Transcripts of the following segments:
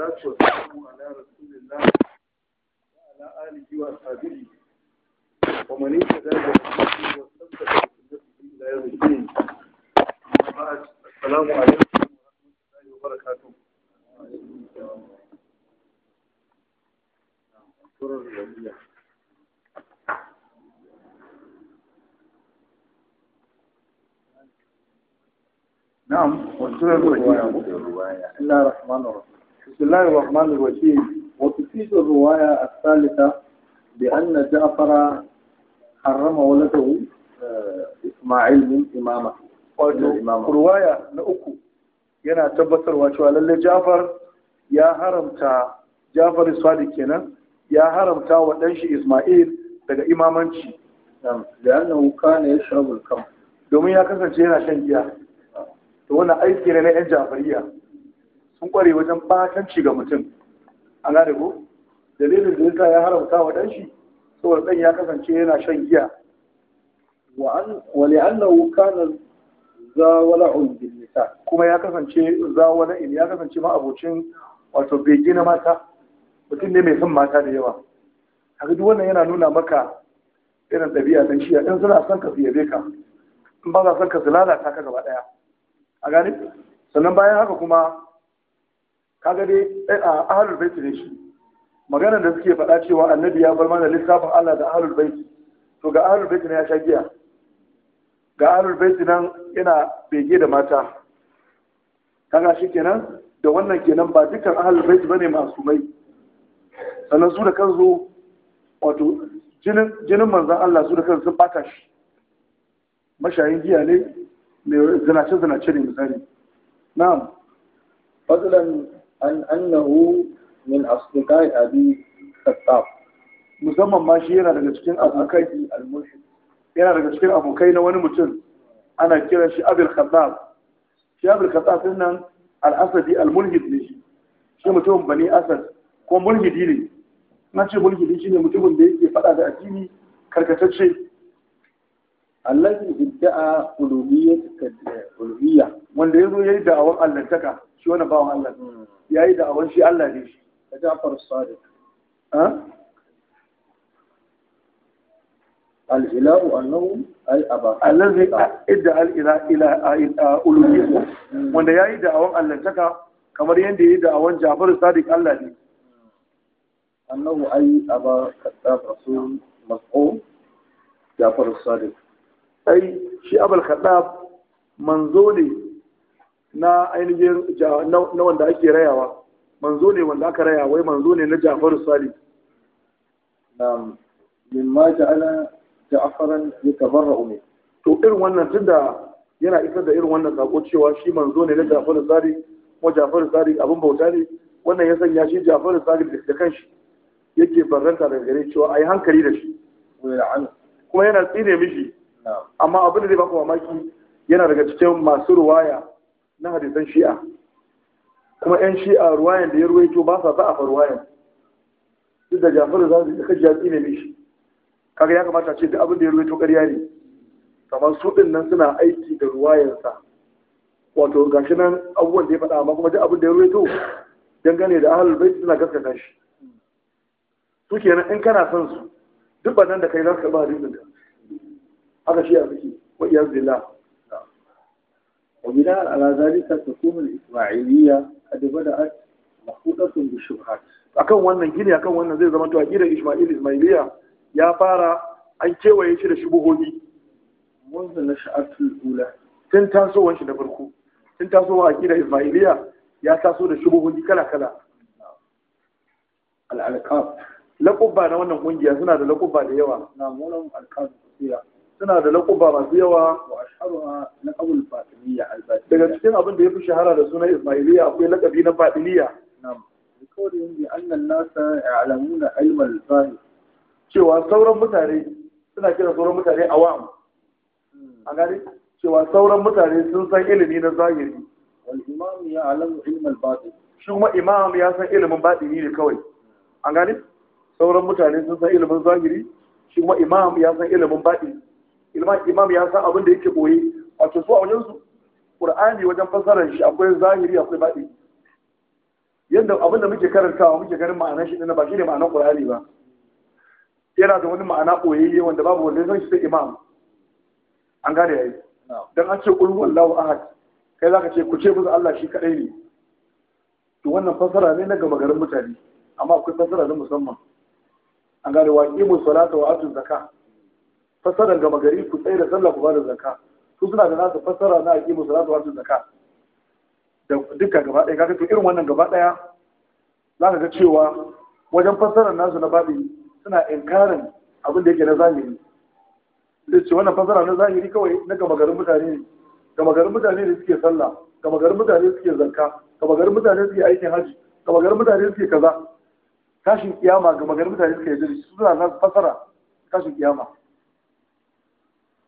والصلاة والسلام على رسول الله وعلى آله وأصحابه ومن اهتدى بهديه واستمسك بسنته إلى يوم الدين بعد السلام عليكم ورحمة الله وبركاته نعم والسورة الرواية بسم الله الرحمن الرحيم بسم الله الرحمن الرحيم وتفيد الرواية الثالثة بأن جعفر حرم ولده إسماعيل من إمامه رواية نأكو ينا تبتر وشوى للي جعفر يا هرم تا جعفر الصادق هنا يا هرم تا ودنش إسماعيل daga imamanci da annahu kana yashrabul kam domin ya kasance yana shan giya to wannan aiki ne na yan jafariya sun kware wajen batanci ga mutum A gane ko dalilin da yasa ya haramta wa dan shi saboda dan ya kasance yana shan giya wa an wa li'annahu kana zawala'un bil nisa kuma ya kasance in ya kasance ma abocin wato bege na mata mutum ne mai son mata da yawa haka duk wannan yana nuna maka irin ɗabi'a dan shi in suna son ka fiye yabe ka in ba za son ka lalata ka gaba ɗaya a gani sannan bayan haka kuma kaga dai eh, ahlul bait ne shi maganar da suke faɗa cewa annabi ya bar mana lissafin Allah da ahlul bait to ga ahlul bait ne ya sha giya ga ahlul bait nan yana bege da mata kaga kenan da wannan kenan ba dukkan ahlul bait bane mai sannan su da kansu wato jinin jinin manzon Allah su da kansu sun bata shi mashayin giya ne mai zinace zinace ne misali na'am fadlan an annahu min asdiqai abi khattab musamman ma shi yana daga cikin abokai al-mulhid yana daga cikin abokai na wani mutum ana kira shi abul khattab shi abul khattab nan al-asadi al-mulhid ne shi shi mutum bani asad ko mulhidi ne na ce mulhidi shine mutumin da yake fada da addini karkatacce allazi idda'a uluhiyyah wanda ya zo ya yi da'awar allantaka shi wani bawan Allah hmm. yayi da awan shi Allah ne shi da Ja'far Sadiq ha al-ilahu annahu al-aba allazi idda al-ila ila uluhiyya hmm. wanda yayi da awan Allah taka kamar yanda yayi da awan Ja'far Sadiq Allah ne annahu ay aba kadab rasul mas'um Ja'far Sadiq ai shi abul kadab manzo ne na ainihin na wanda ake rayawa manzo ne wanda aka raya wai manzo ne na Jafaru Salih nam mimma ja'ala Ja'faran kamar min to irin wannan tunda yana isar da irin wannan sako cewa shi manzo ne na Jafaru Salih kuma Jafaru Salih abin bauta ne wannan ya sanya shi Jafaru Salih da kanshi yake barranta daga gare cewa yi hankali da shi kuma yana tsine mishi amma abin da zai baka mamaki yana daga cikin masu ruwaya na hadisan shi'a kuma yan shi'a ruwayan da ya to ba sa za'afa ruwayan duk da jafar za su kaji ya tsine mishi kaga ya kamata ce da abin da ya to ƙarya ne kamar su ɗin nan suna aiki da ruwayansa wato gashi nan abubuwan da ya faɗa amma kuma duk abin da ya to? dangane da ahalul bai suna gaskata shi su kenan in kana son su duk nan da kai za ka ba hadisin ka haka shi a ciki wa iyazu billah وبناء على ذلك تكون الإسماعيلية قد بدأت مخوطة بالشبهات akan wannan gini akan wannan zai zama to aqidar Isma'il Ismailiya ya fara an kewaye shi da shubuhohi munzu na sha'atul ula tun tasowar shi da farko tun tasowar aqidar Ismailiya ya taso da shubuhohi kala kala al-alqab na wannan kungiya suna da laqaba da yawa na mulan alqab suna da laqaba masu yawa wa ashharuha laqabul fatimiyya al daga cikin abin da ya fi shahara da sunan ismailiyya akwai laqabi na fatimiyya na'am kawai bi anna an-nasa ya'lamuna ilma al-fahim cewa sauran mutane suna kira sauran mutane awam hmm. a gani cewa sauran mutane sun san ilimi na zahiri wal imam alamu ilma al-batin shi kuma imam ya san ilimin batini ne kawai A gani sauran mutane sun san ilimin zahiri shi kuma imam ya san ilimin batini imam ya san abin da yake boye wato su a wajen su qur'ani wajen fassarar shi akwai zahiri akwai baɗi yadda abin da muke karantawa muke ganin ma'anar shi ɗin ba shi ne ma'anar qur'ani ba yana da wani ma'ana boyayye wanda babu wanda zai shi sai imam an gane yayi dan an ce qul wallahu ahad kai zaka ce ku ce musu Allah shi kadai ne to wannan fassara ne na gama garin mutane amma akwai fassara na musamman an gane wa qimu salata wa atu fassarar gama gari ku tsaye da sallah ku bada zakka su suna da nasu fassara na aiki musu nasu wasu zakka da duka gaba ɗaya kaga to irin wannan gaba ɗaya za ka ga cewa wajen fassarar nasu na babi suna inkarin abin da yake na zahiri da ce wannan fassara na zahiri kawai na gama garin mutane ne gama garin mutane ne suke sallah gama garin mutane suke zakka gama garin mutane suke aikin hajji gama garin mutane suke kaza tashin kiyama gama garin mutane suke jiri suna nasu fassara tashin kiyama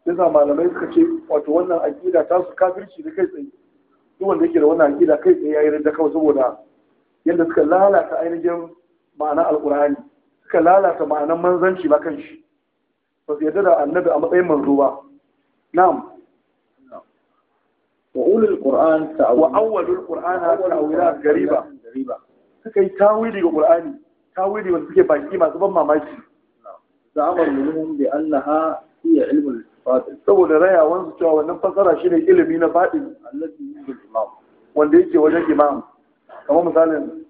yasa malamai suka ce wato wannan aƙida ta su kafirci da kai tsaye duk wanda yake da wannan aƙida kai tsaye yayi rinda kawai saboda yadda suka lalata ainihin ma'anar alƙur'ani suka lalata ma'anar manzanci ba kan shi ba su yarda da annabi a matsayin manzo ba na'am wa ulul qur'an wa awwalul qur'ana ta'wilat gariba suka yi tawili ga qur'ani tawili wanda suke baki masu ban mamaki za'amar minhum bi annaha hiya ilmul saboda rayawansu cewa wannan fasara shi ne ilimi na faɗin wanda yake wajen imam kama misalin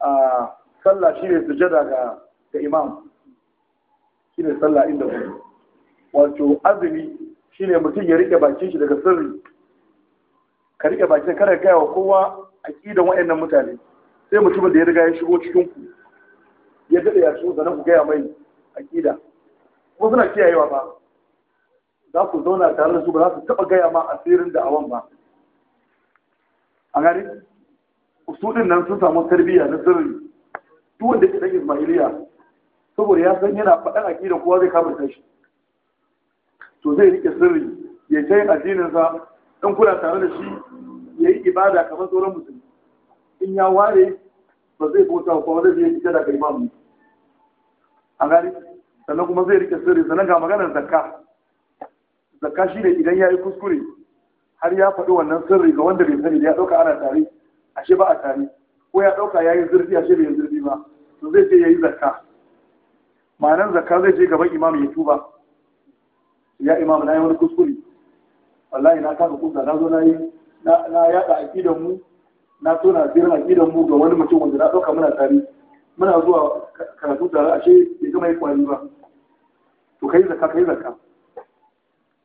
a sallah shi ne sujada ga imam shi ne sallah inda ku wato azumi shi ne mutum ya riƙe bakin shi daga sirri ka riƙe bakin kada gaya wa kowa a ƙidan wa'annan mutane sai mutumin da ya riga ya shigo cikin ku ya daɗe ya shigo sannan ku gaya mai aƙida ko suna kiyayewa ba za ku zauna tare da su ba za su taɓa gaya ma asirin da awan ba a gari su din nan sun samu tarbiyya na sirri duk wanda ke dan ismailiya saboda ya san yana faɗan aƙida kowa zai kama shi to zai rike sirri ya ta yin addininsa dan kula tare da shi ya yi ibada kamar sauran musulmi in ya ware ba zai bauta ba wanda zai kai ba mu a gari sannan kuma zai rike sirri sannan ga maganar zakka zakka shi ne idan ya yi kuskure har ya faɗi wannan sirri ga wanda bai sani ya ɗauka ana tare ashe ba a tare ko ya ɗauka ya yi zurfi ashe bai yi zurfi ba to zai ce ya yi zakka ma'anar zakka zai je gaban imam ya tuba ya imam na yi wani kuskure wallahi na kasa kusa na zo na yi na yaɗa aƙidan mu na so na a aƙidan mu ga wani mutum wanda na ɗauka muna tare muna zuwa karatu tare ashe bai gama yi kwari ba to kai zakka kai zakka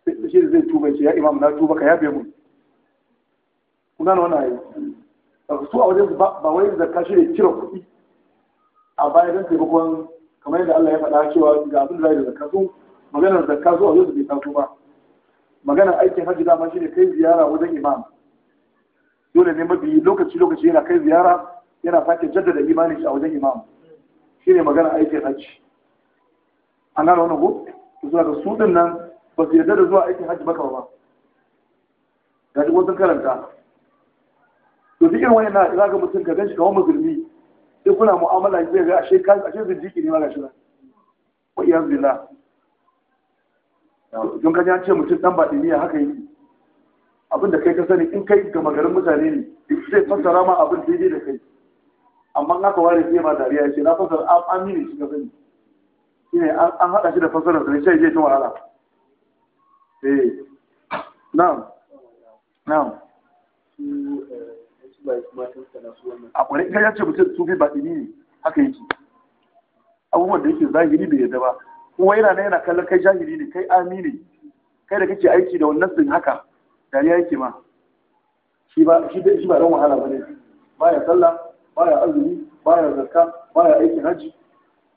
shi da zai tuba ce ya imam na tuba ka yafe mun kun gane wannan ayi su a wajen ba wai zakka shi ne cire kuɗi a baya don taimakon kamar yadda Allah ya faɗa cewa ga abin da zai da zakka su maganar zakka su a wajen su bai taso ba maganar aikin hajji dama shi ne kai ziyara wajen imam dole ne mabiyi lokaci lokaci yana kai ziyara yana sake jaddada imanin shi a wajen imam shi ne maganar aikin hajji an gane wani ko su din nan ba su yarda da zuwa aikin hajji maka ba ga duk wasu karanta to duk irin wani na za ga mutum ka gan shi kamar musulmi sai kuna mu'amala zai ga ashe kan ashe jiki ne ma ga shi ba. wa iya zila don ka an ce mutum dan ba diniya haka yi abin da kai ka sani in kai ga magarin mutane ne zai fassara ma abin daidai da kai amma na ka ware sai ma dariya ya ce na fassara amini shi ka sani shine an haɗa shi da fassara sai sai je ta wahala eh na'am na'am a ya ce mutum sufi ba ne haka yake abubuwan da yake zahiri bai yadda ba kuma yana na yana kallon kai jahili ne kai amini kai da kake aiki da wannan sun haka dariya yake ma shi ba shi dai shi ba don wahala ba ne baya sallah baya azumi baya zakka baya aikin haji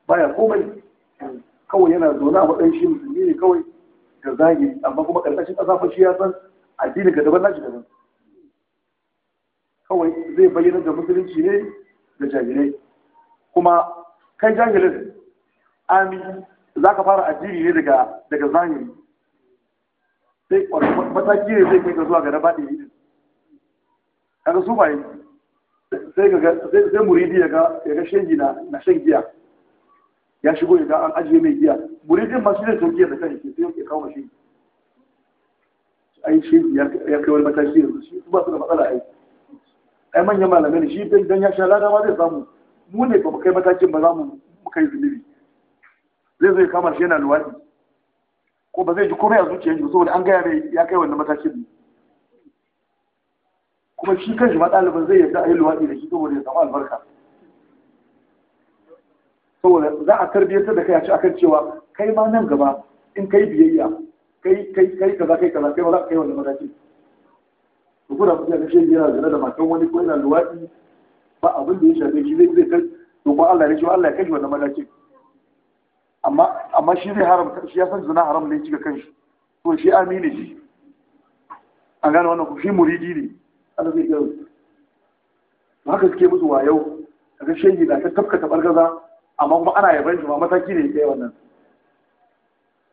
baya komai kawai yana zaune a matsayin shi musulmi ne kawai da zahiri amma kuma karkashin ƙasa fa shi ya san addinin ga daban nashi daban kawai zai bayyana da musulunci ne da jahilai kuma kai jahilin ami za ka fara addini ne daga daga zahiri sai mataki ne zai kai ka zuwa ga na baɗi ne kaga su baye sai ga sai muridi ya ga ya na shan giya ya shigo ya ga an ajiye mai giya muridin ma shi ne sauki da kan shi sai ya kawo shi ai shi ya kai wani mataki yanzu shi ba su da matsala ai ai manyan malamai ne shi dan ya sha lada ma zai samu mu ne ba mu kai matakin ba za mu kai zunubi zai zai kama shi yana luwadi ko ba zai ji komai a zuciyar shi saboda an gaya mai ya kai wannan matakin ne kuma shi kan shi ma ɗaliban zai yarda a yi luwadi da shi saboda ya samu albarka saboda za a tarbiyyantar da kai a ci akan cewa kai ma nan gaba in kai biyayya kai kai kai kaza kai kaza kai ma za ka kai wannan mataki to kuna kuma ga shi yana zina da matan wani ko yana luwaɗi ba abin da ya shafe shi zai zai kai to ko Allah ya ce Allah ya kai wani mataki amma amma shi zai haram shi ya san zina haram ne shi ga kanshi to shi amini shi an gane wannan ku shi muridi ne Allah zai kai haka suke musu wayo kaga shehi na ta tafka tabargaza amma kuma ana yaban shi ma mataki ne kai wannan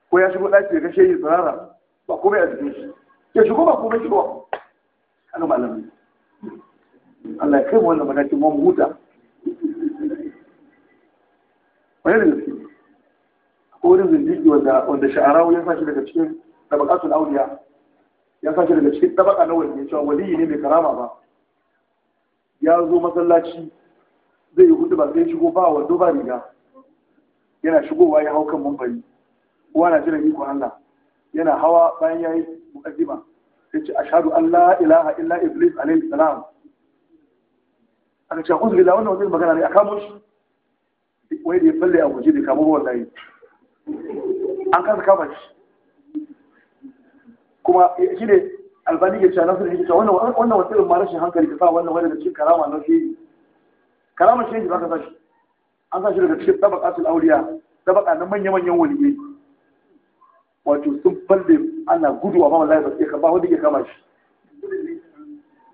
ko ya shigo ɗaki ga shehi tsirara ba komai a jikin shi ya shigo ba komai shigo ana malamai Allah ya kai mu wannan mataki mu huta wani da gaske akwai wani zindigi wanda wanda sha'arawu ya sashi daga cikin tabaqatul awliya ya sashi daga cikin tabaqa na wani cewa waliyi ne mai karama ba ya zo masallaci zai yi hudu ba sai shigo ba wando ba riga yana shigowa ya hau kan mambari uwa na jiran iko Allah yana hawa bayan yayi mukaddima sai ce ashhadu an la ilaha illa iblis alayhi salam an ce uzu da wannan wani magana ne a kamo shi wai da ya falle a guje da kamo wallahi an kasa kama shi kuma shi ne albani ya ce nasu da ya ta wannan wannan wasu irin ma rashin hankali ka sa wannan wani da cikin karama na shi karamar shehi za ka sa an sa shi daga cikin tabaqatul awliya tabaqa na manya manyan waliyai wato sun falle ana gudu amma wallahi ba sai ka ba wanda ya kama shi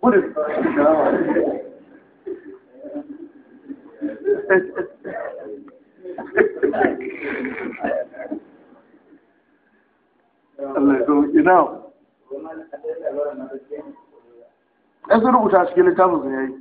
gudun Allah ya zo ina. Ɗan sun rubuta cikin littafin su yayi.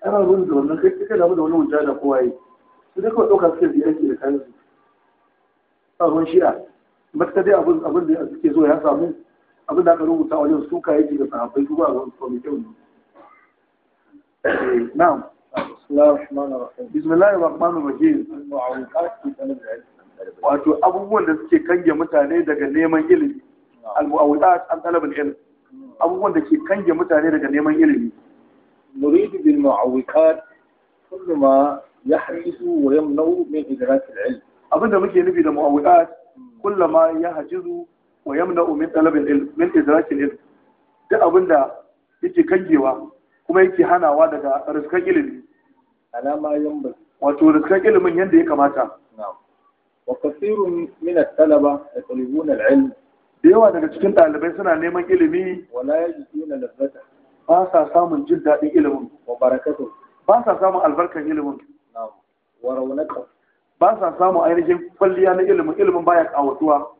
ana ruwan da wannan kai kai damu da wani wunja da kowa yi su dai kawai ɗauka suke da aiki da kayan su a ruwan shi'a matuƙa dai abin da suke zo ya samu abin da aka rubuta a wajen suka yake da sahabbai ba a ruwan mai kyau ne eh, na'am bismillahir rahmanir rahim wato abubuwan da suke kange mutane daga neman ilimi al-mu'awwidat an talab al-ilm abubuwan da ke kange mutane daga neman ilimi نريد بالمعوقات كل ما يحدث ويمنع من إدراك العلم أبدا مكي نبي المعوقات كل ما يحجز ويمنع من طلب العلم من إدراك العلم ده أبدا yake kangewa kuma yake hanawa daga riskan ilimi alama ينبغي wato riskan ilimin yadda ya kamata wa kasirun min at-talaba yatlubuna al-ilm da yawa daga cikin dalibai suna neman ilimi wala yajiduna lafata ba sa samun jin daɗin ilimin wa barakatu ba sa samun albarkar ilimin wa raunaka ba sa samun ainihin kwalliya na ilimin ilimin baya kawatuwa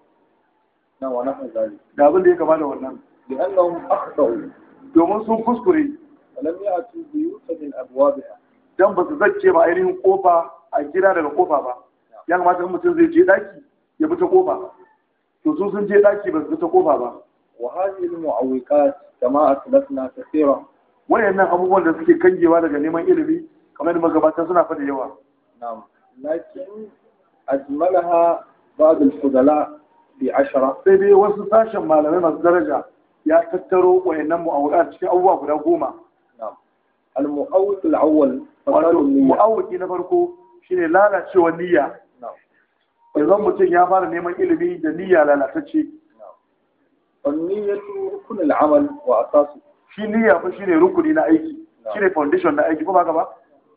na wa nahu zali da abin da ya kama da wannan bi annahum akhdau domin sun kuskure lam ya'tu bi yusmin abwabiha dan ba su zacce ba ainihin kofa a gida daga kofa ba ya kamata in mutum zai je daki ya bi ta kofa to su sun je daki ba su bi ta kofa ba wa hadhihi muawwiqat kama aslafna kaseera wayannan abubuwan da suke kangewa daga neman ilimi kamar da magabata suna fada yawa na'am lakin ajmalaha ba'd al-fudala bi 10 sai dai wasu sashen malamai masu daraja ya tattaro wayannan mu'awilat cikin abubuwa guda goma na'am al-mu'awwil al-awwal mu'awwil na farko shine lalacewar niyya idan mutum ya fara neman ilimi da niyya lalatacce anniyatu rukunul amal wa asasu shi niyya fa shine rukuni na aiki shine foundation na aiki kuma gaba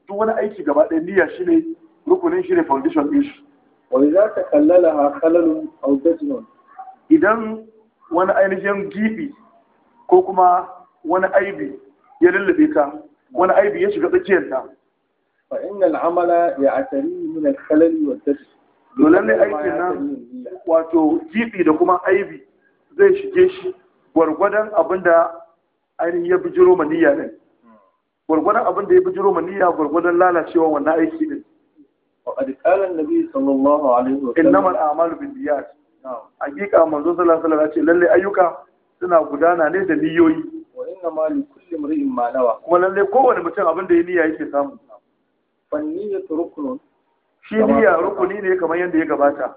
duk wani aiki gaba ɗaya niyya shine rukunin shine foundation din shi wa idza takallalaha khalalun aw dajnun idan wani ainihin gibi ko kuma wani aibi ya lullube ta wani aibi ya shiga tsakiyar ta fa innal amala ya'tari min al-khalali wa dajn dole ne aikin nan wato gibi da kuma aibi zai shige shi gwargwadon abin da ainihin ya bijiro maniyya ne gwargwadon abin da ya bijiro maniyya gwargwadon lalacewa wannan aiki din وقد قال النبي صلى الله عليه وسلم انما الاعمال بالنيات sallallahu alaihi ayyuka suna da niyoyi wa inna ma li kuma lalle mutum abin da ya niyya yake samu fan shi niyya rukuni ne kamar yadda ya gabata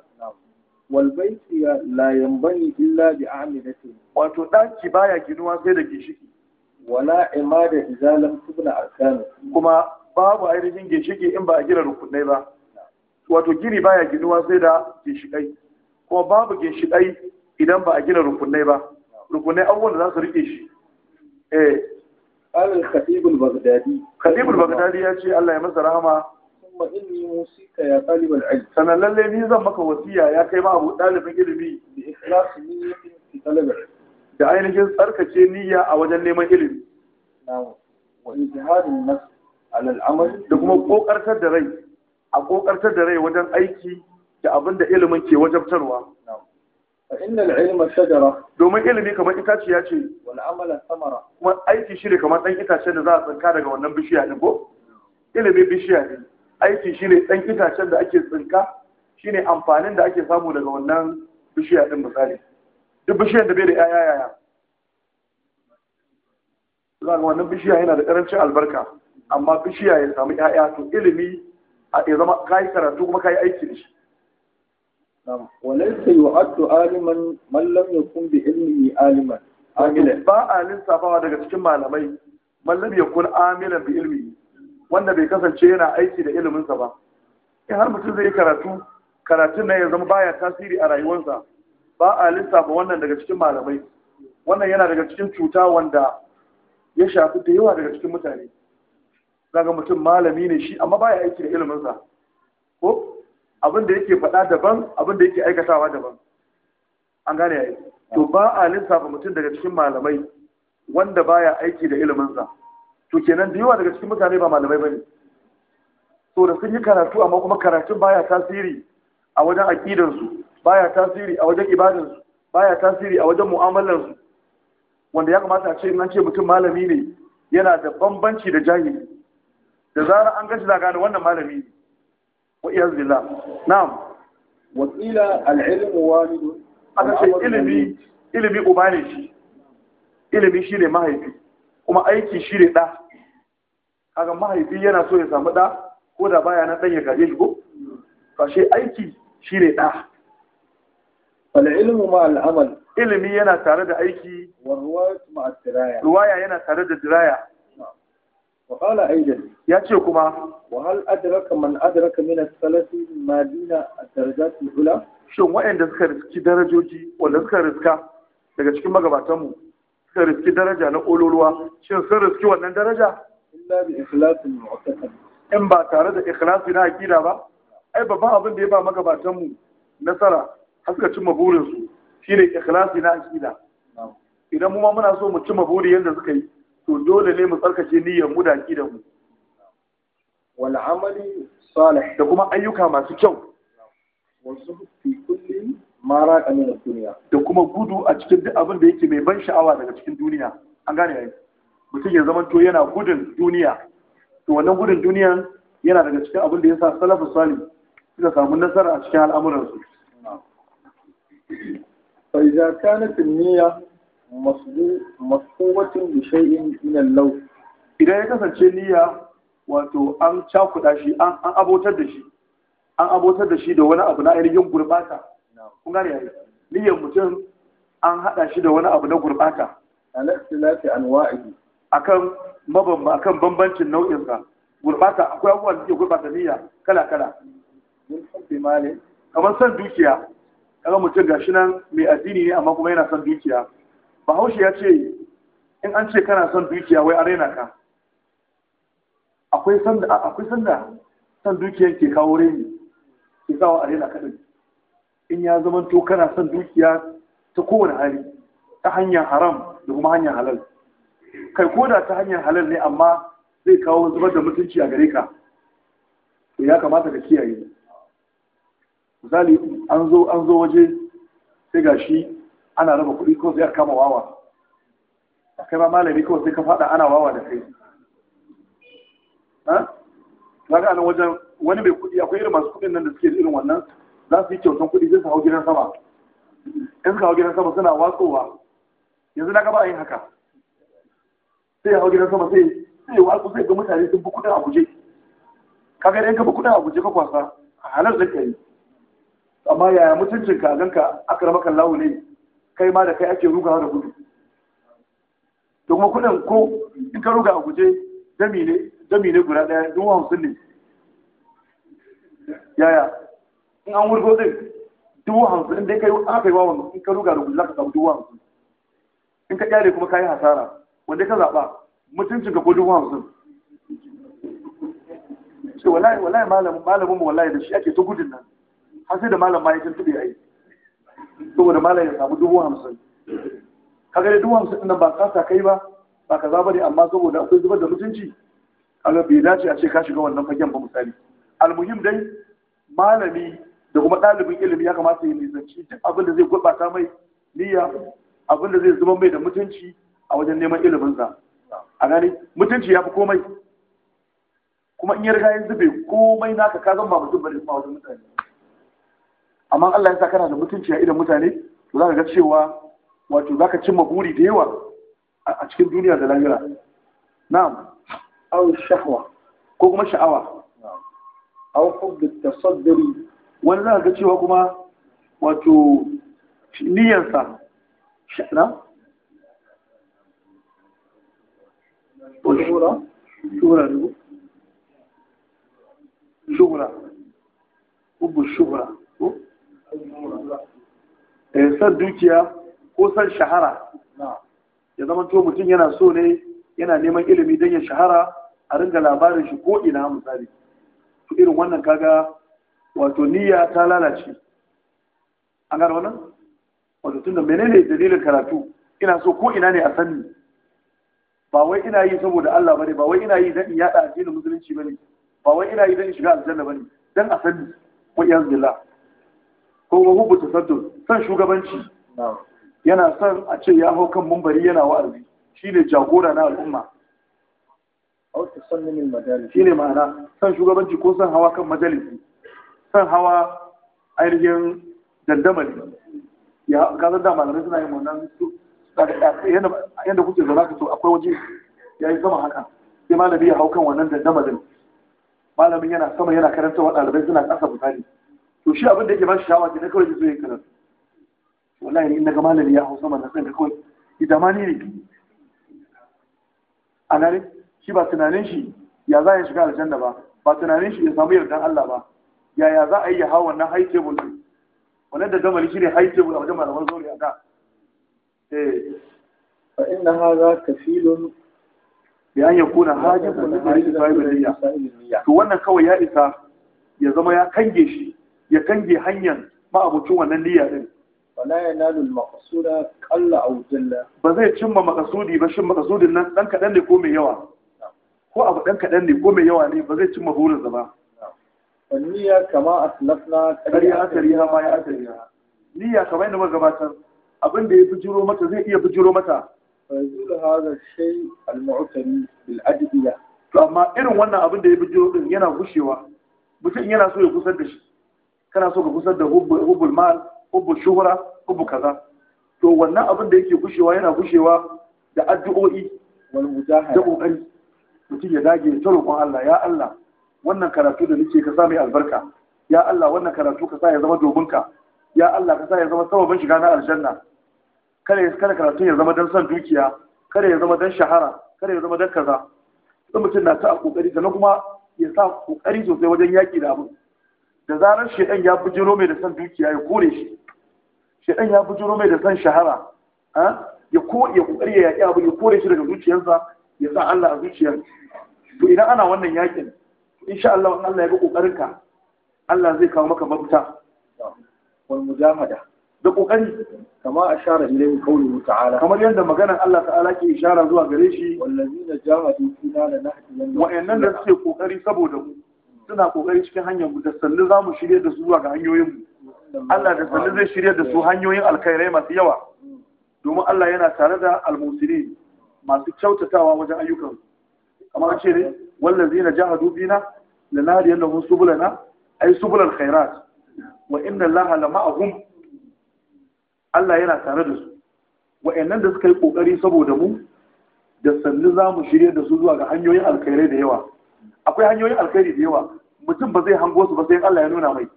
والبيت لا ينبني إلا بعاملة واتو داكي بايا جنوا سيدا جيشكي ولا عمادة إذا لم تبنى أركانه Kuma babu ainihin ginshiki in ba a gina rukunai ba wato gini baya ginuwa sai da ginshikai kuma babu ginshikai idan ba a gina rukunai ba rukunai abubuwan da za su rike shi eh al-khatib al-baghdadi khatib al baghdadi khatib baghdadi ya ce Allah ya masa rahama Allahumma inni musika ya talibal ilm sanan lalle ni zan maka wasiya ya kai ma abu dalibin ilimi bi ikhlasi niyyatin fi talab da ainihin tsarkace niyya a wajen neman ilimi wa ijtihadin nafs ala al'amal da kuma kokartar da rai a kokartar da rai wajen aiki da abinda ilimin ke wajabtarwa fa innal ilma shajara domin ilimi kamar itaciya ce wal amala samara kuma aiki shi ne kamar dan itacen da za a tsanka daga wannan bishiya ko ilimi bishiya aiki shine ɗan itacen da ake tsinka shine amfanin da ake samu daga wannan bishiya ɗin misali duk bishiyar da bai da yaya yaya za ga wannan bishiya yana da ƙarancin albarka amma bishiya ya samu yaya to ilimi a ya zama kayi karatu kuma ka yi aiki da shi walaysa yu'addu aliman mallam lam kun bi ilmihi aliman ba a lissafawa daga cikin malamai man ya yakun amilan bi ilmihi wanda bai kasance yana aiki da iliminsa ba in har mutum zai yi karatu karatun na ya zama baya tasiri a rayuwarsa ba a lissafa wannan daga cikin malamai wannan yana daga cikin cuta wanda ya shafi da yawa daga cikin mutane zaga mutum malami ne shi amma baya aiki da iliminsa ko abin da yake faɗa daban abin da yake aikatawa daban an gane yayi to ba a lissafa mutum daga cikin malamai wanda baya aiki da iliminsa to kenan da yawa daga cikin mutane ba malamai ne to da sun yi karatu amma kuma karatun baya tasiri a wajen aƙidansu, baya tasiri a wajen ibadansu, baya tasiri a wajen mu'amalansu. wanda ya kamata a ce in an ce mutum malami ne yana da bambanci da jahili da zarar an gashi da wannan malami ne wa iyaz billah na'am wa qila al-ilm ce ilimi ilimi uba ne shi ilimi shi ne mahaifi kuma aiki shi ne ɗa kaga mahaifi yana so ya samu ɗa ko da baya na ɗan ya gaje shi ko kashe aiki shi ne ɗa Wani ilmu ma al'amal ilimi yana tare da aiki ruwaya yana tare da diraya وقال أيضا يأتي كما وهل أدرك من أدرك من الثلاث ما دون الدرجات الأولى شو suka ذكر darajoji ولا ذكر ذكر daga cikin magabatanmu sarrafi daraja na ƙololuwa shin sun riski wannan daraja illa bi ikhlasin in ba tare da ikhlasi na aqida ba ai babban abin da ya ba magabatan mu nasara haska cimma burin su shine ikhlasi na aqida idan mu ma muna so mu cimma buri yanda suka yi to dole ne mu tsarkake niyyar mu da aqidar mu wal amali salih da kuma ayyuka masu kyau wasu mara kamin duniya da kuma gudu a cikin duk abin da yake mai ban sha'awa daga cikin duniya an gane yi. mutum ya zama to yana gudun duniya to wannan gudun duniya yana daga cikin abin da ya sa salafus salih suka samu nasara a cikin al'amuran su fa idza kanat an mas'u masbuwatin bi shay'in min al-law idan ya kasance niyya wato an cakuda shi an abotar da shi an abotar da shi da wani abu na ainihin gurbata kun gane yayi niyyar mutum an haɗa shi da wani abu na gurbata al-ikhtilafi anwa'i akan mabamba akan bambancin nau'in sa gurbata akwai abubuwa da ke gurbata niyya kala kala mun hubbi mali kamar san dukiya kaga mutum gashi nan mai addini ne amma kuma yana son dukiya bahaushe ya ce in an ce kana son dukiya wai an raina ka akwai sanda akwai sanda san dukiyan ke kawo reni ke kawo a raina ka din in ya zama to kana son dukiya ta kowane hali ta hanyar haram da kuma hanyar halal kai ko da ta hanyar halal ne amma zai kawo zubar da mutunci a gare ka to ya kamata ka kiyaye misali an zo an zo waje sai gashi ana raba kuɗi ko sai kama wawa kai ba malami kawai sai ka faɗa ana wawa da kai ha kaga anan wajen wani mai kuɗi akwai irin masu kuɗin nan da suke da irin wannan za su yi kyautan kuɗi zai su hau gidan sama in suka hau gidan sama suna watsowa yanzu na gaba yin haka sai ya hau gidan sama sai sai watsu sai ga mutane sun fi kuɗin a guje kaga idan ka fi kuɗin a guje ka kwasa a halar da kai amma yaya mutuncin ka ganka aka rama kan lawo ne kai ma da kai ake rugawa da gudu da kuma kuɗin ko in ka ruga a guje dami ne guda ɗaya dubu hamsin ne yaya in an wurgo din dubu hamsin in dai kai aka yi wa wannan in ka ruga da za ka samu dubu hamsin in ka kyale kuma ka yi hasara wanda ka zaɓa mutuncin ka ko dubu hamsin ce wallahi wallahi malamin malamin wallahi da shi ake ta gudun nan har sai da malam ma ya tuntube ai saboda malam ya samu dubu hamsin kaga dai dubu hamsin nan ba kasa kai ba ba kaza ne. amma saboda akwai zubar da mutunci kaga bai dace a ce ka shiga wannan fagen ba misali almuhim dai malami da kuma ɗalibin ilimi ya kamata ya nisanci duk abin da zai gurɓata mai niyya abin da zai zama mai da mutunci a wajen neman iliminsa a gani mutunci ya fi komai kuma in yarda riga ya zube komai naka ka zama ba mutum bane a wajen mutane amma Allah ya sa kana da mutunci a idan mutane to za ka ga cewa wato za ka cimma buri da yawa a cikin duniya da lahira na'am aw shahwa ko kuma sha'awa aw hubbu at wani za ga cewa kuma wato niyyarsa sha'ana shura eh, san dukiya ko san shahara ya zama to mutum yana so ne yana neman ilimi don ya shahara a ringa labarin shi ko ina misali irin wannan kaga wato niyya ta lalace an gano wannan wato tunda menene dalilin karatu ina so ko ina ne a sani ba wai ina yi saboda Allah bane ba wai ina yi dan in da addinin musulunci bane ba wai ina yi dan in shiga aljanna bane dan a sani wa 'yan zilla ko wa hubu tasaddur san shugabanci yana son a ce ya hau kan mumbari yana wa'azi shine jagora na al'umma shine ma'ana san shugabanci ko san hawa kan majalisi San hawa ainihin dandamali ya gazar da malamai suna yin wannan yadda kuke zama ka so akwai waje ya yi sama haka sai malami ya hau kan wannan dandamalin malamin yana sama yana karanta wa ɗalibai suna ƙasa misali to shi abin da yake ba shi shawa ke na kawai zai yi karatu wallahi in daga malami ya hau sama na san da kawai idan ma ni ne a nan shi ba tunanin shi ya za ya shiga aljanna ba ba tunanin shi ya samu yardan Allah ba yaya za a yi ya hawa na high table din wannan da zamani shine high table a wajen malaman zuri a da eh fa inna hadha kafilun bi an na hajji li yi biliya to wannan kawai ya isa ya zama ya kange shi ya kange hanyar ma'abucin wannan niyya din wala yanalu al-maqsuda qalla aw jalla ba zai cimma maqsudi ba shin maqsudin nan dan kadan ne ko mai yawa ko abu dan kadan ne ko mai yawa ne ba zai cimma burinsa ba niyya kama aslafna kariya karya ma ya kariya niyya kamar yadda muka gabatar abin da ya bijiro mata zai iya bijiro mata fazil hadha shay al mu'tani bil ajdiya to amma irin wannan abin da ya bijiro din yana gushewa mutum yana so ya kusar da shi kana so ka kusar da hubbul mal hubbul shuhra hubbu kaza to wannan abin da yake gushewa yana gushewa da addu'o'i wal da kokari mutum ya dage ya ta Allah ya Allah wannan karatu da nake ka sa mai albarka ya Allah wannan karatu ka sa ya zama dominka ya Allah ka sa ya zama sababin shiga na aljanna kada kare karatu ya zama dan son dukiya kada ya zama dan shahara kada ya zama dan kaza duk mutum na ta kokari sannan kuma ya sa kokari sosai wajen yaki da abin da zarar shedan ya bujiro mai da son dukiya ya kore shi shedan ya bujiro mai da son shahara ya ko ya kokari ya yaki abin ya kore shi daga zuciyarsa ya sa Allah a zuciyarsa to idan ana wannan yakin insha Allah Allah ya ga kokarinka Allah zai kawo maka mafita wal mujahada da kokari kama ashara ilayhi qawluhu ta'ala kamar yadda maganar Allah ta'ala ke ishara zuwa gare shi ladina jahadu fina wa wa'annan da suke kokari saboda mu suna kokari cikin hanyar mu da sallu za mu shirye da su zuwa ga hanyoyin mu Allah da sallu zai shirye da su hanyoyin alkhairai masu yawa domin Allah yana tare da almusirin masu kyautatawa wajen ayyukan kamar ce ne ladina jahadu fina لنهدينهم سبلنا أي سبل الخيرات وإن الله لمعهم Allah yana tare da su wa'annan da suka yi kokari saboda mu da sannu za mu shirye da su zuwa ga hanyoyin alkhairai da yawa akwai hanyoyin alkhairi da yawa mutum ba zai hango su ba sai Allah ya nuna mai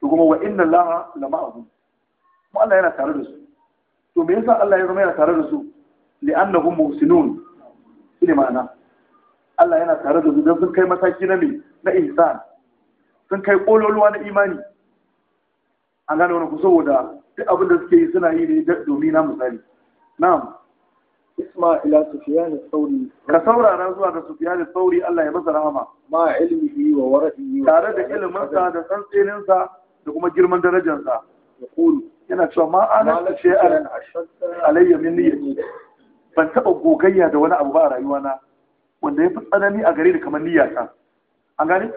to kuma wa inna Allah la ma'ahu mu Allah yana tare da su to me yasa Allah ya zama yana tare da su li'annahum muhsinun shi ne ma'ana Allah yana tare da su sun kai mataki na na ihsan sun kai kololuwa na imani an gane wani kusa saboda duk abin da suke yi suna yi ne domin na misali na'am isma ila sufyan al sauri. ka saurara zuwa ga sufyan da sauri, Allah ya masa rahama ma ilmihi wa wara'ihi tare da ilimin sa da tsantsenin sa da kuma girman darajar sa yana cewa ma ana shay'an alayya min niyyati ban taba gogayya da wani abu ba a rayuwana wanda ya fi tsanani a gare ni kamar niyyata an gane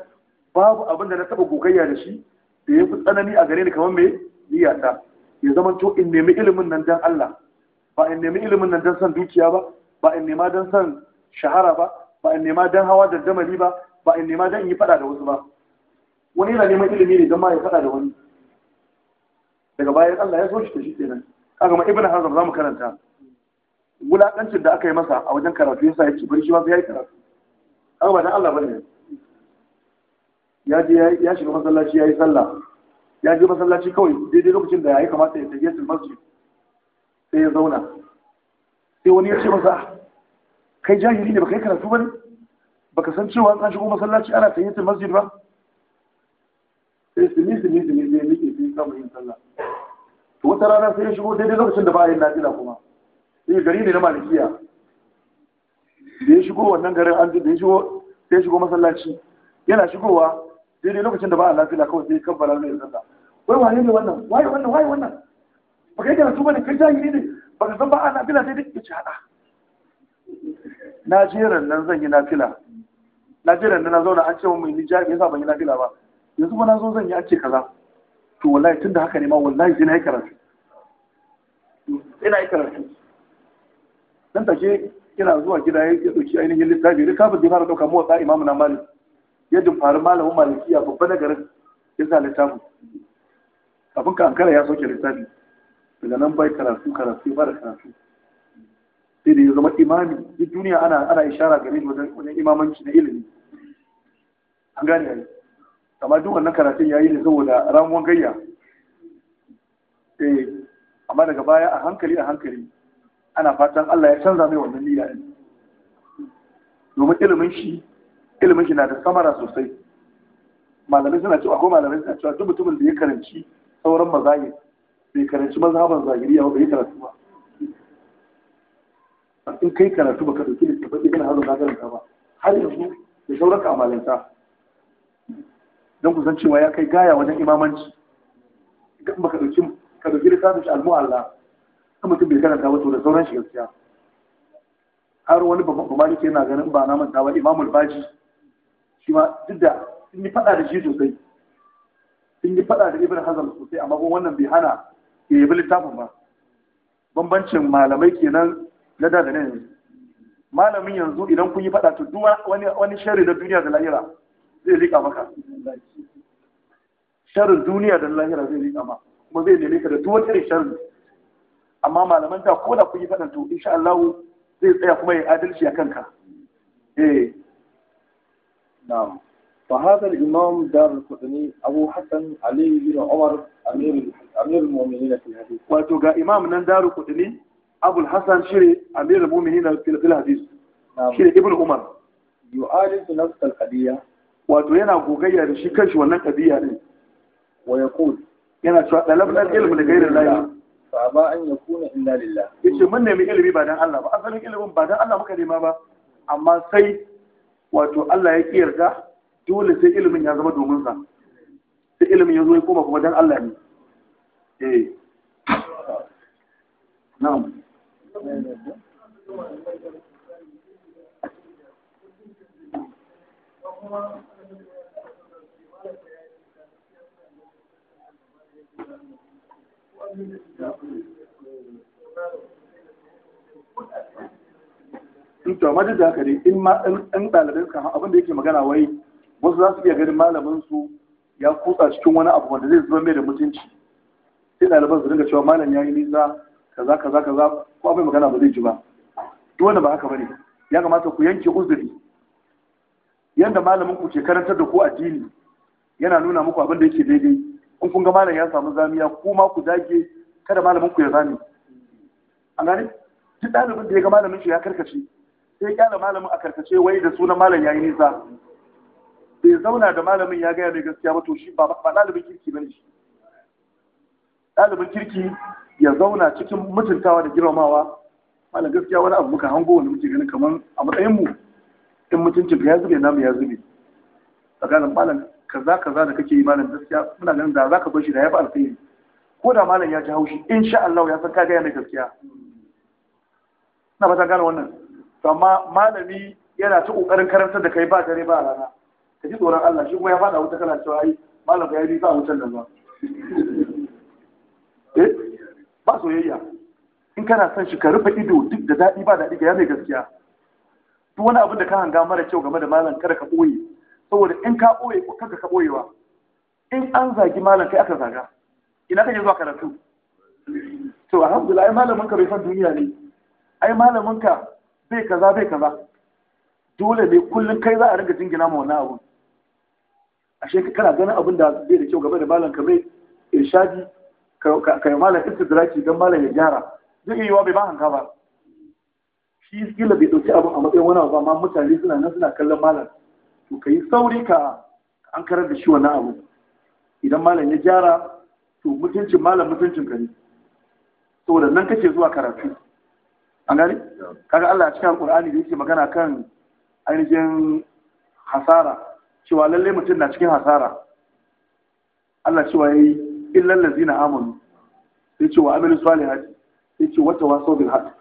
babu abin da na taba gogayya da shi da ya fi tsanani a gare ni kamar mai niyyata ya zama to in nemi ilimin nan dan Allah ba in nemi ilimin nan dan san dukiya ba ba in nema dan san shahara ba ba in nema dan hawa da damali ba ba in nema dan yi fada da wasu ba wani yana neman ilimi ne don ma ya fada da wani daga bayan Allah ya so shi ta shi kenan kaga ma ibnu hazm zamu karanta wulaƙancin da aka yi masa a wajen karatu yasa ya ce bari shi ma sai ya yi karatu an ba dan Allah bane ya je ya shiga masallaci ya yi sallah ya je masallaci kawai daidai lokacin da ya kamata ya tafi masjid sai ya zauna sai wani ya ce masa kai jahili ne baka yi karatu ba bane baka san cewa an shigo masallaci ana tayyata masjid ba sai su nisi nisi nisi ne nake samun yin sallah to wata rana sai ya shigo daidai lokacin da ba a yin nafila kuma sai eh, gari ne na malikiya da ya shigo wannan garin an da ya shigo sai shigo masallaci yana shigowa daidai lokacin da ba a lafiya kawai sai kan balar mai sallah wai wane ne wannan waye wannan waye wannan ba kai da su bane kai jahili ne ba ka san ba a lafiya sai dai ci hada na jeran nan zan yi nafila na jeran nan na zauna an ce mun ni jahili yasa ban yi nafila ba yanzu ba na zo zan yi ake kaza to wallahi tunda haka ne ma wallahi sai na yi karatu ina yi karatu dan take ina zuwa gida ya dauki ainihin littafi da kafin da fara dauka motsa imamu na mali ya dumfari malamin malikiya a babban garin ya sa littafin kafin ka ankara ya soke littafi daga nan bai karatu karatu ya da karatu sai da ya zama imami duk duniya ana ana ishara gare shi wajen imamanci na ilimi an gane yayi amma duk wannan karatun yayi ne saboda ramuwan gayya eh amma daga baya a hankali a hankali ana fatan Allah ya canza mai wannan niyya din domin ilimin shi ilimin shi na da samara sosai malamai suna cewa ko malamai suna cewa duk mutumin da ya karanci sauran mazahir bai karanci mazhaban zahiriya ba bai karatu ba in kai karatu baka dauki littafin kana hazo ka karanta ba har yanzu da sauran kamalanta don ku san cewa ya kai gaya wajen imamanci in baka dauki ka dauki littafin al-mu'alla kan mutum bai karanta ba to da sauran shi gaskiya har wani babban ke na ganin ba na manta ba imamul baji shi ma duk da sun yi fada da shi sosai sun yi fada da ibn hazm sosai amma kuma wannan bai hana ya yi littafin ba bambancin malamai kenan na da ne malamin yanzu idan kun yi fada to duk wani wani sharri na duniya da lahira zai rika maka Sharin duniya da lahira zai rika ma kuma zai neme ka da duk wani shari. amma malaman ta ko da kun yi faɗan to insha Allah zai tsaya kuma ya adalci a kanka eh na'am fa hadha al-imam dar al-qudni Abu Hassan Ali bin Umar Amir Amir al-Mu'minin fi hadith wato ga imam nan dar al-qudni Abu Hassan shire Amir al-Mu'minin fi hadith shire Ibn Umar yu'alifu nafs al-qadiyya wato yana gogayya da shi kanshi wannan qadiyya din wa yaqul yana cewa talabna al-ilm li ghayri Allah fa ba an ya kuna illa lillah yace mun nemi ilimi ba dan Allah ba asalin ilimin ba dan Allah muka nema ba amma sai wato Allah ya ki yarda dole sai ilimin ya zama domin sa sai ilimin ya zo ya koma kuma dan Allah ne eh na'am Thank you. in to amma duk da haka ne in ma ɗan ɗalibai kan abin da yake magana wai wasu za su iya ganin malamin su ya kutsa cikin wani abu wanda zai zama mai da mutunci sai ɗaliban su dinga cewa malam ya yi nisa kaza kaza kaza ko abin magana ba zai ji ba duk wanda ba haka bane ya kamata ku yanke uzuri yanda malamin ku ke karantar da ku addini yana nuna muku abin da yake daidai in kun ga malam ya samu zamiya kuma ku dage kada malamin ku ya zami an gane duk ɗalibin da ya ga malamin shi ya karkace sai ya kyala malamin a karkace wai da sunan malam ya yi nisa bai zauna da malamin ya gaya mai gaskiya ba to shi ba ɗalibin kirki ba ne shi ɗalibin kirki ya zauna cikin mutuntawa da girmamawa malam gaskiya wani abu muka hango wani muke ganin kamar a matsayin mu in mutuncin ya zube namu ya zube tsakanin malam kaza kaza da kake yi malam gaskiya muna ganin da zaka bar shi da ya fi alkhairi ko da malam ya ji haushi insha Allah ya san ka gaya mai gaskiya na fata gane wannan to amma malami yana ta kokarin karantar da kai ba dare ba rana ka ji tsoron Allah shi kuma ya fada wuta kana cewa ai malam ya yi ba wutar da ba eh ba soyayya in kana son shi ka rufe ido duk da dadi ba daɗi ga yana mai gaskiya to wani abin da ka hanga mara kyau game da malam kada ka ɓoye saboda in ka ɓoye ko kanka ka ɓoyewa in an zagi malam kai aka zaga ina kake zuwa karatu to alhamdulillah ai malamin ka bai san duniya ne ai malamin ka bai kaza bai kaza dole ne kullum kai za a ringa jingina ma wannan abun ashe kana ganin abin da zai da kyau game da malam ka bai irshadi ka yi malam istidraki don malam ya gyara zai iya yiwa bai ba hanka ba shi kila bai dauki abin a matsayin wani abu amma mutane suna nan suna kallon malam to ka yi sauri ka an karar da shi wannan abu idan malam ya gyara to mutuncin malam mutuncin ka ne saboda nan kake zuwa karatu an gani kaga Allah a cikin alkur'ani da yake magana kan ainihin hasara cewa lalle mutum na cikin hasara Allah cewa yayi illal ladina amanu sai ce wa amilu salihati sai ce wata waso bil haqq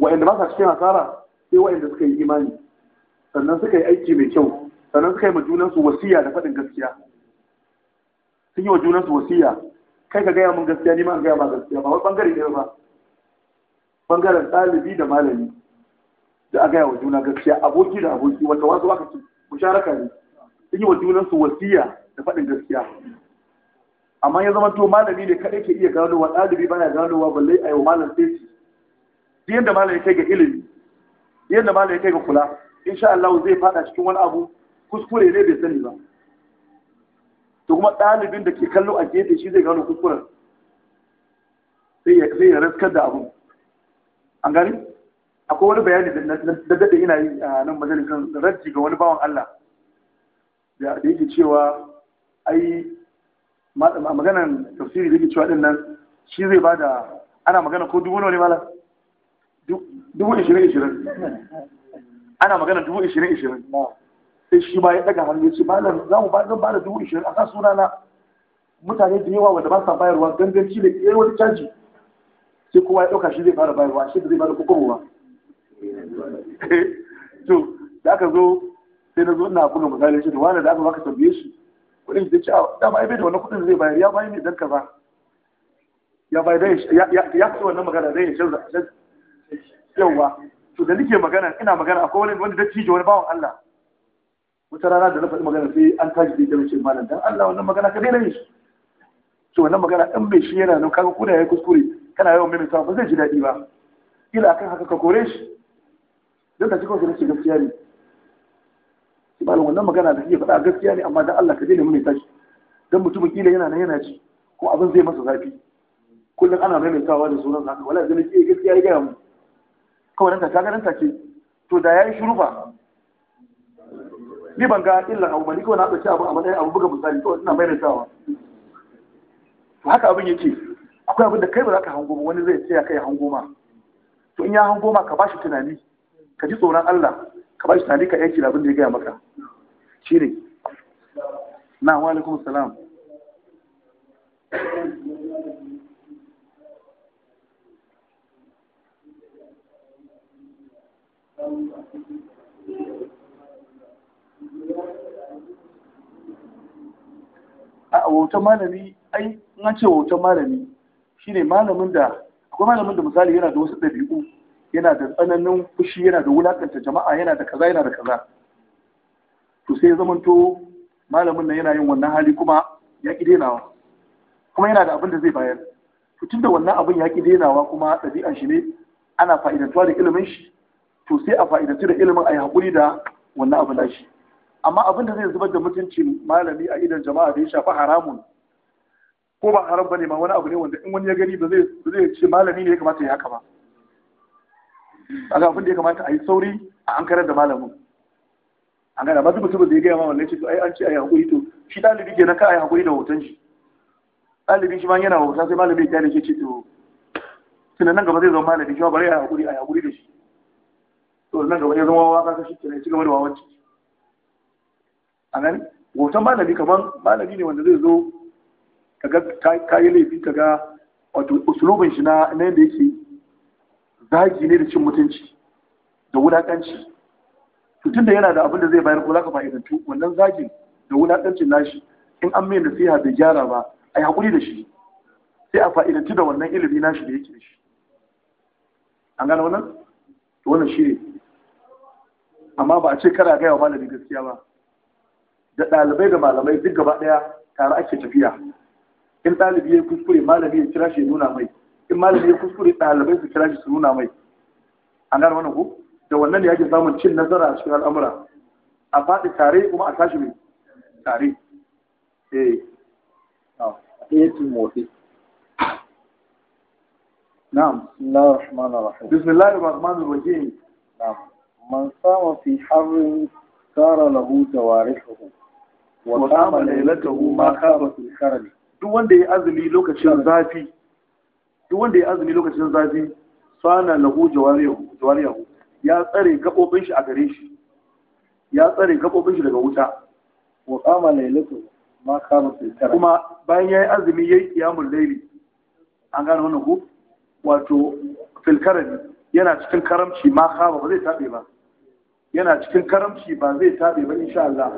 wa inda ba sa cikin hasara sai wa inda suka yi imani sannan suka yi aiki mai kyau sannan suka yi ma junansu wasiya da faɗin gaskiya sun yi wa junansu wasiya kai ka gaya mun gaskiya ni ma gaya ma gaskiya ba wani bangare ne ba bangaren ɗalibi da malami da a gaya wa juna gaskiya aboki da aboki wanda wasu aka ci musharaka ne sun yi wa junansu wasiya da faɗin gaskiya amma ya zama to malami ne kaɗai ke iya ganowa ɗalibi baya ganowa balle a yi wa malam sai ci yadda malam ya kai ga ilimi yadda malam ya kai ga kula insha Allah zai fada cikin wani abu kuskure ne bai sani ba to kuma ɗalibin da ke kallo a gefe shi zai gano kuskuren sai ya sai raskar da abu an gani akwai wani bayani da daɗe ina yi a nan majalisar rajji ga wani bawan Allah da yake cewa ai maganan tafsiri da yake cewa din nan shi zai bada, ana magana ko dubu nawa ne mala dubu ishirin ishirin ana magana dubu ishirin ishirin sai shi ma ya daga hannu ya ce malam za mu zan ba da dubu ishirin a kan suna na mutane da yawa wanda ba sa bayarwa ganganci da ƙera wani caji sai kowa ya ɗauka shi zai fara bayarwa shi da zai bada kokobo ba to da aka zo sai na zo ina kuma misali shi da wani da aka baka tambaye shi kuɗin da ce a ah, dama ai bai da wannan kuɗin zai bayar ya bayar ne dan kaza ya bayar ya ya ya wannan magana dai ya canza yauwa to da nike magana ina magana akwai wani wani dattijo wani bawan Allah wata rana da na faɗi magana sai an tashi da ta wuce malam dan Allah wannan magana ka daina yin shi to wannan magana in bai shi yana nan kaga ko da yayi kuskure kana yawan maimaita ba zai ji daɗi ba kila akan haka ka kore shi dan ta cikin sai gaskiya ne shi malam wannan magana da kike faɗa gaskiya ne amma dan Allah ka daina maimaita tashi dan mutumin kila yana nan yana ci ko abin zai masa zafi kullum ana maimaitawa da sunan haka wala zai ne eh, gaskiya ya gaya mu kawai nan kaga nan take to da yayi shurufa ni ban ga illa abu bari kawai na dauki abu a matsayin abu buga misali to ina mai rasawa to haka abin yake akwai abin da kai ba za ka hango ba wani zai tsaya kai hango ma to in ya hango ma ka bashi tunani ka ji tsoron Allah ka bashi tunani ka aiki da abin da ya gaya maka shine na wa alaikum salam a wautan malami ai an ce wautan malami shine malamin da akwai malamin da misali yana da wasu ɗabi'u yana da tsananin fushi yana da wulakanta jama'a yana da kaza yana da kaza to sai ya zamanto malamin nan yana yin wannan hali kuma ya ƙi denawa kuma yana da abin da zai bayar to tunda wannan abin ya ƙi denawa kuma ɗabi'an shi ne ana fa'idantuwa da ilimin shi to sai a fa'idanci da ilimin a yi haƙuri da wannan abu na shi amma abin da zai zubar da mutunci malami a idan jama'a da ya shafi haramun ko ba haram ba ne ma wani abu ne wanda in wani ya gani ba zai ce malami ne ya kamata ya haka ba aga abin da ya kamata a yi sauri a an karar da malamin an gana mazu mutum da ya gaya ma wannan ce to ai an ce a yi haƙuri to shi ɗalibi ke na ka a yi haƙuri da hoton shi ɗalibin shi ma yana hoton sai malami ya kyale ke ce to tunanin gaba zai zama malami shi ma bari a yi haƙuri a yi haƙuri da shi to nan gaba ya zama waka ka shi kenan ci da wawanci a nan hoton malami kaman, malami ne wanda zai zo ka ga kayi laifi ka ga wato usulubin shi na yadda yake zagi ne da cin mutunci da wulaƙanci to tunda yana da abin da zai bayar ko za ka fa'idantu wannan zagin da wulaƙancin nashi in an mai nasiha bai gyara ba a hakuri da shi sai a fa'idantu da wannan ilimi nashi da yake da shi an gane wannan to wannan shi ne amma ba a ce kana gaya wa malami gaskiya ba da ɗalibai da malamai duk gaba ɗaya tare ake tafiya in ɗalibi ya kuskure malami ya kira shi ya nuna mai in malami ya kuskure ɗalibai su kira shi su nuna mai an gane wannan ko da wannan ne yake samun cin nazara a cikin al'amura a faɗi tare kuma a tashi mai tare eh ayatul mawfi na'am bismillahir rahmanir rahim bismillahir rahmanir rahim na'am man sama fi harrin sara lahu tawarihuhu wa kama lailatahu ma kaba fi duk wanda ya azumi lokacin zafi duk wanda ya azumi lokacin zafi sana lahu jawariyahu ya tsare gabobin shi a gare shi ya tsare gabobin shi daga wuta wa kama lailatahu ma kaba fi kuma bayan yayi azumi yayi qiyamul layli an gane wannan ko wato filkarami yana cikin karamci ma kama ba zai tabe ba yana cikin karamci ba zai tabe ba insha Allah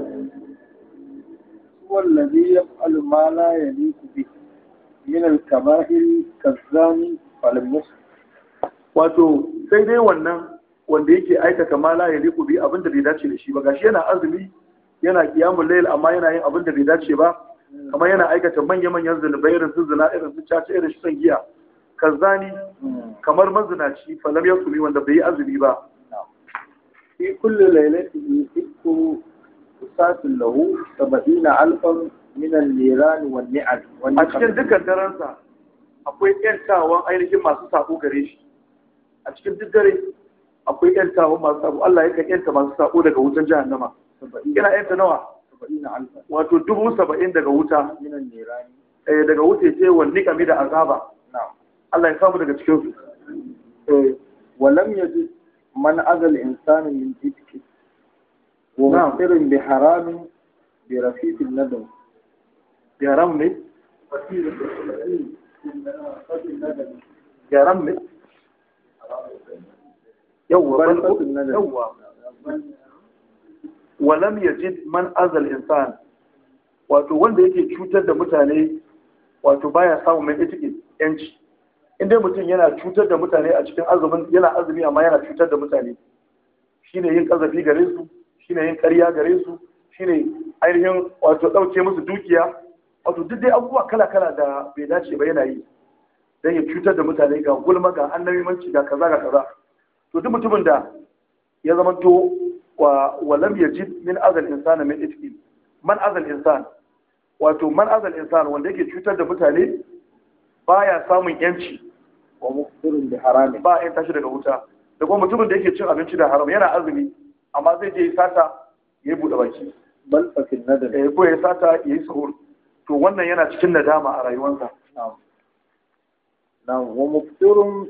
wallazi ya ma la yaliku bi min al-kaba'ir kazzani falam yusuf wato sai dai wannan wanda yake aikata ma la yaliku bi abinda bai dace da shi ba gashi yana azumi yana qiyamul layl amma yana yin abinda bai dace ba kamar yana aikata manya-manyan zunubai irin su zina irin su caca irin su giya kazzani hmm. kamar mazinaci falam yasumi wanda bai yi azumi ba في كل ليلة يحب أساس له سبعين ألفا من النيران والنعم أشكر ذكر درنسا akwai ‘yantawan ainihin masu sabo gare shi a cikin duk dare akwai ‘yantawan masu sabo Allah ya kan ‘yanta masu sabo daga wutan jahannama yana ‘yanta nawa wato dubu saba'in daga wuta eh, daga wuta ce wani kami da azaba Allah ya samu daga cikin eh, man azal insani min jidki wa musirin bi haramin bi rafiqin nadam bi haram yawwa yawwa walam yajid man azal insan wato wanda yake cutar da mutane wato baya samun mai itikin yanci Inda mutum yana cutar da mutane a cikin azumin yana azumi amma yana cutar da mutane shine yin kazafi gare su shine yin ƙarya gare su shine ainihin wato ɗauke musu dukiya wato duk dai abubuwa kala-kala da bai dace ba yana yi don ya cutar da mutane ga gulma ga annabimanci ga kaza ga kaza to duk mutumin da ya zamanto wa walam yajid min azal insana min itqi man azal insan wato man azal insan wanda yake cutar da mutane baya samun yanci wa muftirun da harami ba ya tashi daga wuta da kuma mutumin da yake cin abinci da haram yana azumi amma zai je sata ya yi buɗe baki bal fakin nadam eh ko ya sata ya yi sahur to wannan yana cikin nadama a rayuwarsa na'am wa muftirun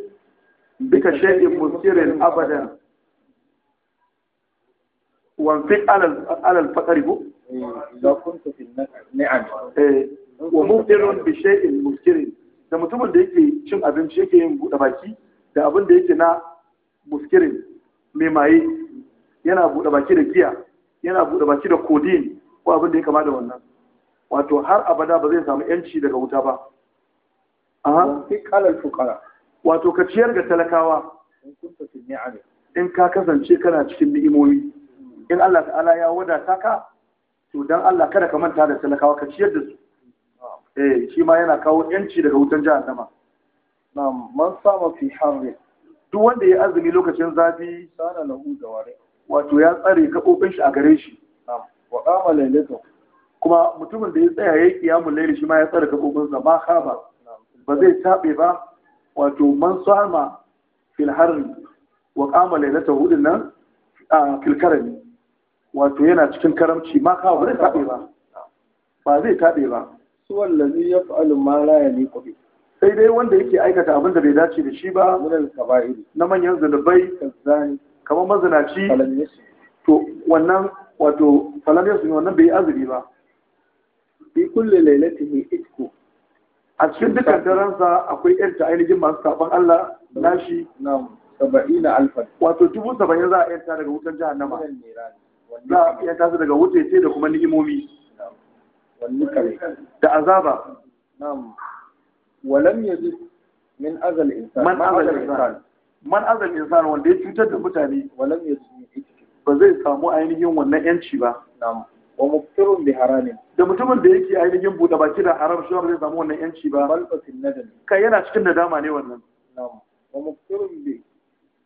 bika shay'in muftirin abadan وانفق bu da kunta بو إذا eh wa النعم bi shay'in مبتر da mutumin da yake cin abinci yake yin buɗe baki da abin da yake na muskirin mai maye yana buɗe baki da giya yana buɗe baki da kodin ko abin da ya kama da wannan wato har abada ba zai samu yanci daga wuta ba aha sai kalar fuqara wato ka ciyar ga talakawa in ka kasance kana cikin ni'imomi in Allah ta'ala ya wadata ka to dan Allah kada ka manta da talakawa ka ciyar da su eh shi ma yana kawo yanci daga wutan jahannama na'am man sama fi harri duk wanda ya azumi lokacin zafi sana lahu ware. wato ya tsare gaɓoɓin shi a gare shi na'am wa qama laylatu kuma mutumin da ya tsaya yayi qiyamul layli shi ma ya tsare gaɓoɓin sa ba khaba ba zai tabe ba wato man sama fil harri wa qama laylatu din nan a kilkarami wato yana cikin karamci ma kawo ba zai taɓe ba ba zai taɓe ba suwan lazi ya fa'alu ma la ya liqu bi sai dai wanda yake aikata abin da bai dace da shi ba minal kaba'ir na manyan zunubai kazzani kamar mazinaci to wannan wato falam yasu wannan bai azumi ba fi kulli lailatihi itku a cikin dukkan daransa akwai yanta ainihin masu sabon Allah nashi na'am saba'ina alfan wato dubu saba'in za a yanta daga wutar jahannama za a yanta su daga wutar sai da kuma ni'imomi da azaba na'am walam yaji min azal insan man azal insan wanda ya cutar da mutane walam yaji ba zai samu ainihin wannan yanci ba wa muftirun bi haramin da mutumin da yake ainihin buɗe baki da haram shi ba zai samu wannan yanci ba balfatin nadami kai yana cikin nadama ne wannan wa muftirun bi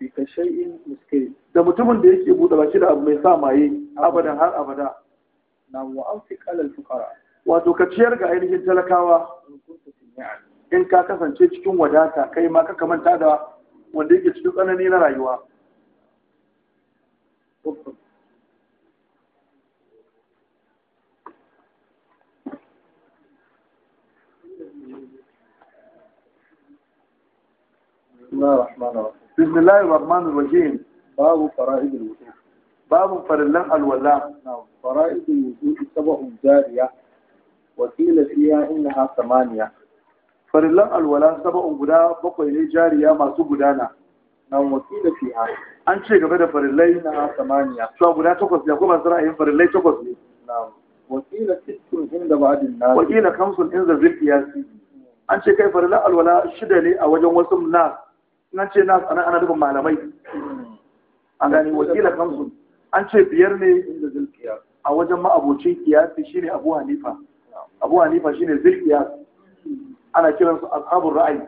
bi kashay'in muskil da mutumin da yake buɗe baki da abu mai sa maye abadan har abada na wa'afi kalal fukara wato ka ciyar ga ainihin talakawa in ka kasance cikin wadata kai ma ka manta da wanda yake cikin tsanani na rayuwa بسم الله الرحمن الرحيم باب فرائض الوضوء babu farillan alwala fara'idul wudu'i sab'un jariya wa qila samaniya farillan alwala sab'un guda bakwai ne jariya masu gudana nan wakila fiha an ce gaba da farillai na samaniya to guda takwas ne kuma sura yin takwas ne na'am wakila sittun inda ba'din nas wakila khamsun inda zil qiyasi an ce kai farillan alwala shida ne a wajen wasu nas nan ce nas ana malamai wakila an ce biyar ne inda a wajen ma'abocin kiyasi shine abu hanifa abu hanifa shine zil Ana ana su ashabun ra'ayi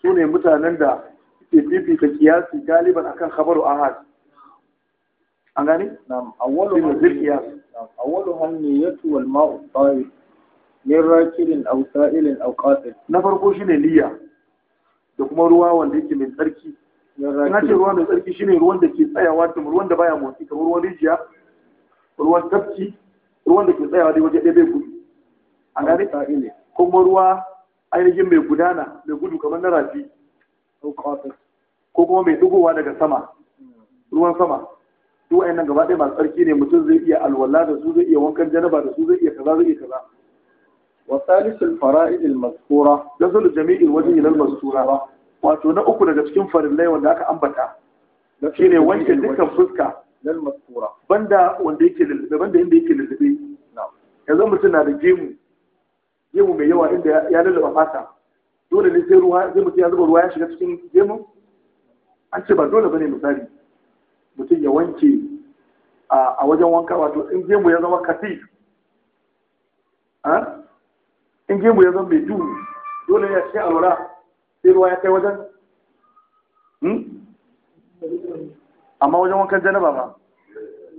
su ne mutanen da ke fifita kiyasi galiban akan khabaru ahad an gani nam awwalu min zil kiyas awwalu hanniyatu wal ma'u tayyib min rakilin aw sa'ilin aw qatil na farko shine niyya da kuma ruwa wanda yake mai tsarki na ce ruwa mai tsarki shine ruwan da ke tsayawa da ruwan da baya motsi kamar ruwan rijiya ruwan tafki ruwan da ke tsayawa dai waje ɗaya bai gudu a gane kuma ruwa ainihin mai gudana mai gudu kamar na rafi ko kuma mai dugowa daga sama ruwan sama duk wa'annan gaba ɗaya masu tsarki ne mutum zai iya alwala da su zai iya wankan janaba da su zai iya kaza zai iya kaza وثالث الفرائض المذكورة غسل جميع الوجه إلى المستورة wato na uku daga cikin farillai wanda aka ambata ne wanke dukkan fuska lal maskura banda wanda yake lullube banda inda yake lullube yanzu mutum na da gemu gemu mai yawa inda ya lullube fata dole ne sai ruwa zai mutum ya zuba ruwa ya shiga cikin gemu an ce ba dole bane misali mutum ya wanke a wajen wanka wato in gemu ya zama katif ah? in gemu ya zama mai duhu dole ne ya ce alwala sai ruwa ya kai wajen hmm? amma wajen wankan janaba ma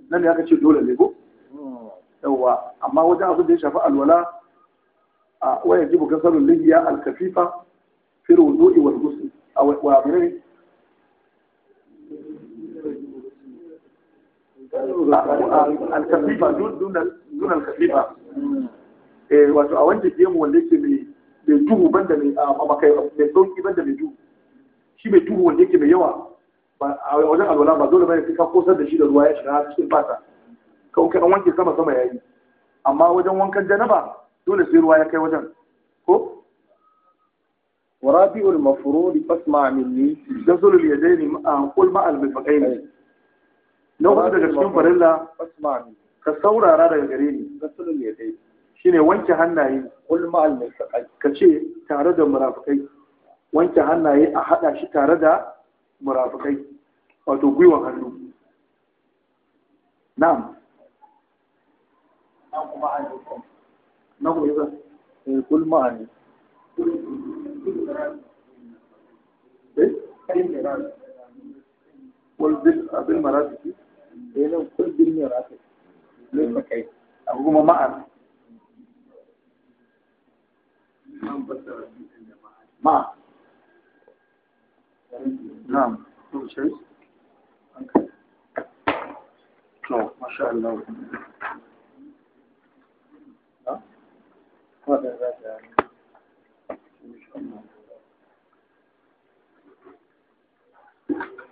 nan ya kace dole ne ko yawa amma wajen abin da ya shafi alwala a waya jibu kasarun lihiya alkafifa fir wudu'i wal gusi a wabi ne? alkafifa dun alkafifa hmm. eh wato a wanke gemu wanda ke mai mai duhu banda mai makai ah, mai sauki banda mai duhu shi mai duhu wanda yake mai yawa a wajen alwala ba dole bai sai ka kosar da shi da ruwa ya shiga cikin fata kawai kan wanke sama sama yayi amma wajen wankan janaba dole sai ruwa ya kai wajen ko ورابع المفروض فاسمع مني غسل اليدين قل مع المرفقين لو بدك تكون فريلا فاسمع مني ka saurara daga gare ni shine wanke hannaye kul ma'al munafiqai kace tare da murafikai wanke hannaye a hada shi tare da murafikai wato gwiwan hannu na'am nan kuma an yi Na kuma yasa eh kul ma'al eh wal bil bil ah, maratib eh nan kul bil maratib lil makai kuma ma'al ma na'am to shi to masha Allah Thank you.